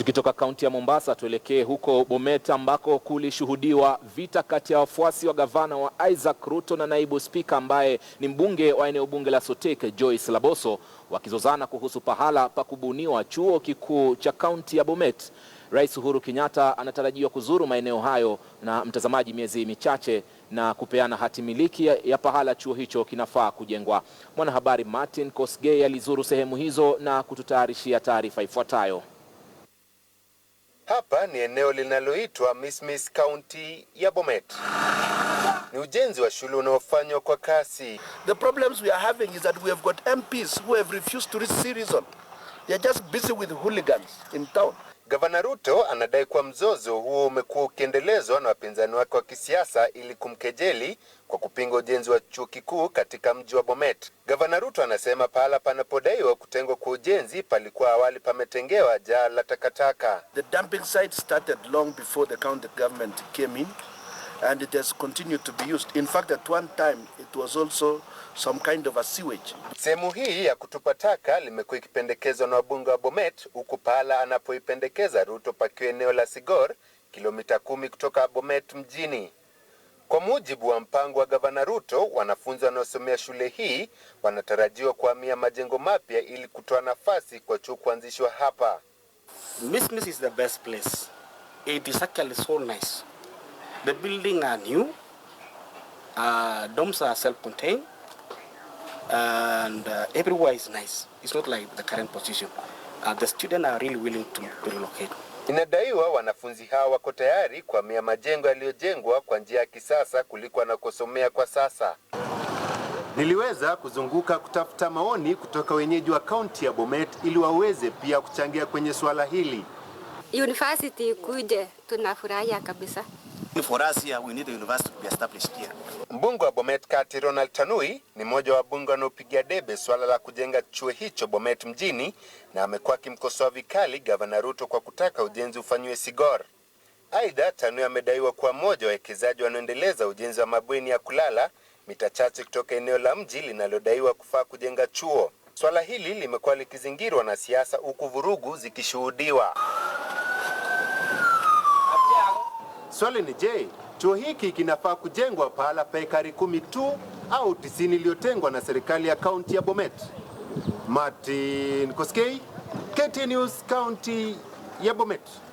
Tukitoka kaunti ya Mombasa tuelekee huko Bometa ambako kulishuhudiwa vita kati ya wafuasi wa gavana wa Isaac Ruto na naibu spika ambaye ni mbunge wa eneo bunge la sotik Joyce Laboso wakizozana kuhusu pahala pa kubuniwa chuo kikuu cha kaunti ya Bomet. Rais Uhuru Kenyatta anatarajiwa kuzuru maeneo hayo na mtazamaji miezi michache na kupeana hati miliki ya pahala chuo hicho kinafaa kujengwa. Mwanahabari Martin Kosgei alizuru sehemu hizo na kututayarishia taarifa ifuatayo. Hapa ni eneo linaloitwa Missmiss County ya Bomet. Ni ujenzi wa shule unaofanywa kwa kasi. The problems we are having is that we have got MPs who have refused to reason. They are just busy with hooligans in town. Gavana Ruto anadai kuwa mzozo huo umekuwa ukiendelezwa na wapinzani wake wa kisiasa ili kumkejeli kwa kupinga ujenzi wa chuo kikuu katika mji wa Bomet. Gavana Ruto anasema pahala panapodaiwa kutengwa kwa ujenzi palikuwa awali pametengewa jaa la takataka. The dumping site started long before the county government came in and it has continued to be used. In fact, at one time it was also some kind of a sewage. Sehemu hii ya kutupa taka limekuwa ikipendekezwa na wabunge wa Bomet, huku pahala anapoipendekeza Ruto pakiwa eneo la Sigor, kilomita kumi kutoka Bomet mjini. Kwa mujibu wa mpango wa gavana Ruto, wanafunzi wanaosomea shule hii wanatarajiwa kuhamia majengo mapya ili kutoa nafasi kwa chuo kuanzishwa hapa. Miss, miss is the best place. It is actually so nice. The building are new. Uh, domes are self-contained and uh, everywhere is nice. It's not like the current position. Uh, the students are really willing to relocate. Inadaiwa wanafunzi hawa wako tayari kuhamia majengo yaliyojengwa kwa njia ya kisasa kuliko wanakosomea kwa sasa. Niliweza kuzunguka kutafuta maoni kutoka wenyeji wa kaunti ya Bomet ili waweze pia kuchangia kwenye suala hili. University kuje, tunafurahia kabisa. Mbunge wa Bomet Kati Ronald Tanui ni mmoja wa bunge wanaopigia debe swala la kujenga chuo hicho Bomet mjini, na amekuwa akimkosoa vikali gavana Ruto kwa kutaka ujenzi ufanyiwe Sigor. Aidha, Tanui amedaiwa kuwa mmoja wa wawekezaji wanaoendeleza ujenzi wa mabweni ya kulala mita chache kutoka eneo la mji linalodaiwa kufaa kujenga chuo. Swala hili limekuwa likizingirwa na siasa, huku vurugu zikishuhudiwa. Swali ni je, chuo hiki kinafaa kujengwa pahala pa ekari kumi tu au tisini iliyotengwa na serikali ya kaunti ya Bomet? Martin Koskei, KTN News, kaunti ya Bomet.